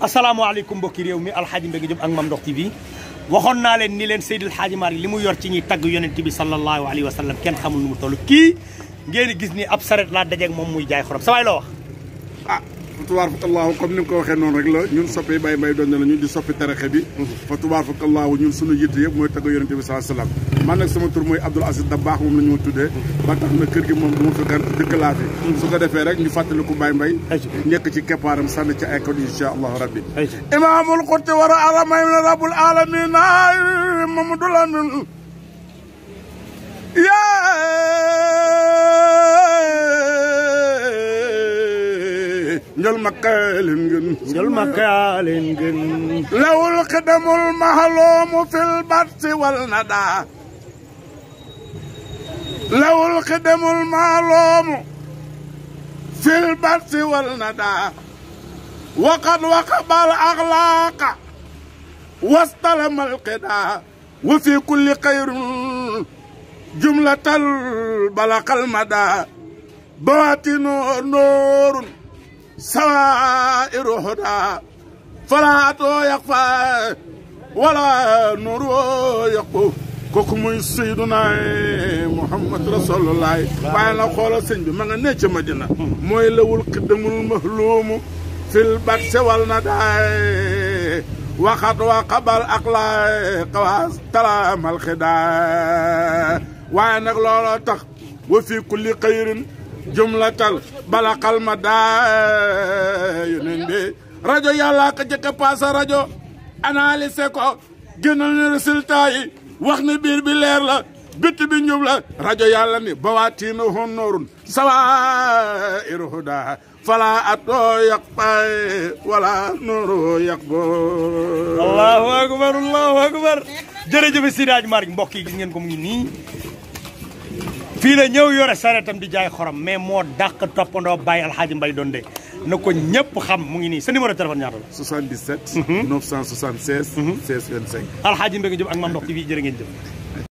asalaamaaleykum mbokki réew mi alxaaji Mbengue Diop ak Mame Ndokh TV waxoon naa leen ni leen Seydil Xaaji Maalik li mu yor ci ñuy tagg yonent bi sallallahu alayhi wa sallam kenn xamul nu mu toll kii ngeen gis ni ab saret laa dajeeg moom muy jaay xorom sa waay loo wax ah tubaar fakallaahu comme ni nga ko waxee noonu rek la ñun soppe Baye Mbaye doon na la ñun di soppi tarixe bi fa tubaar fakallaahu ñun suñu yitte yëpp mooy tagg yonente bi saa man nag sama tur mooy Abdoul Aziz Dabakh moom la tuddee ba su ko defee rek ñu fàttaliku Baye Mbaye ñekk ci keppaaram sànni ci ay kàddu insha allahu rabbi imaamul xurti war a alamay na rabul alamina Mamadou Lamine njol makka leen gën njol makka leen gën lawul xidamul mahaloomu fil batsi wal nada lawul xidamul mahaloomu fil batsi wal nada waqad waqabal axlaaqa wastalamal qida wa fi kulli xayrun jumlatal balaqal mada bawaatinu noorun سوائر هدى فلا يخفى ولا نور يقبو kooku muy Seydina Muhammad Rasulullaay waaye la xoola sëñ bi ma nga ne ca Madina mooy lawul xiddamul mahluumu fil bat sewal na daay waxat wa xabal ak laay xawaas talaamal xidaa waaye nag looloo tax wa fii kulli xayrin jumlatal bala xalma daa yonen rajo yàlla ka jëkk paasa rajo analyser ko génnal ni résultat wax ni biir bi leer la bitti bi la rajo yàlla ni bawaatiina hon noorun sawa iru huda fala atoo yaq bay wala nooru yaq boo allahu akbar allahu akbar jërëjëf Seydi Hadji Malick mbokk yi gis ngeen ko mu ngi nii fii la ñëw yore sareetam di jaay xorom mais moo dàq toppandoo Baye Alxaaji Mbaye Donde na ko ñëpp xam mu ngi nii sa numéro téléphone ñaata la. 77. 976. 16 25. Alxaaji Mbaye Diop ak Mame Ndokh TV jërë ngeen jëf.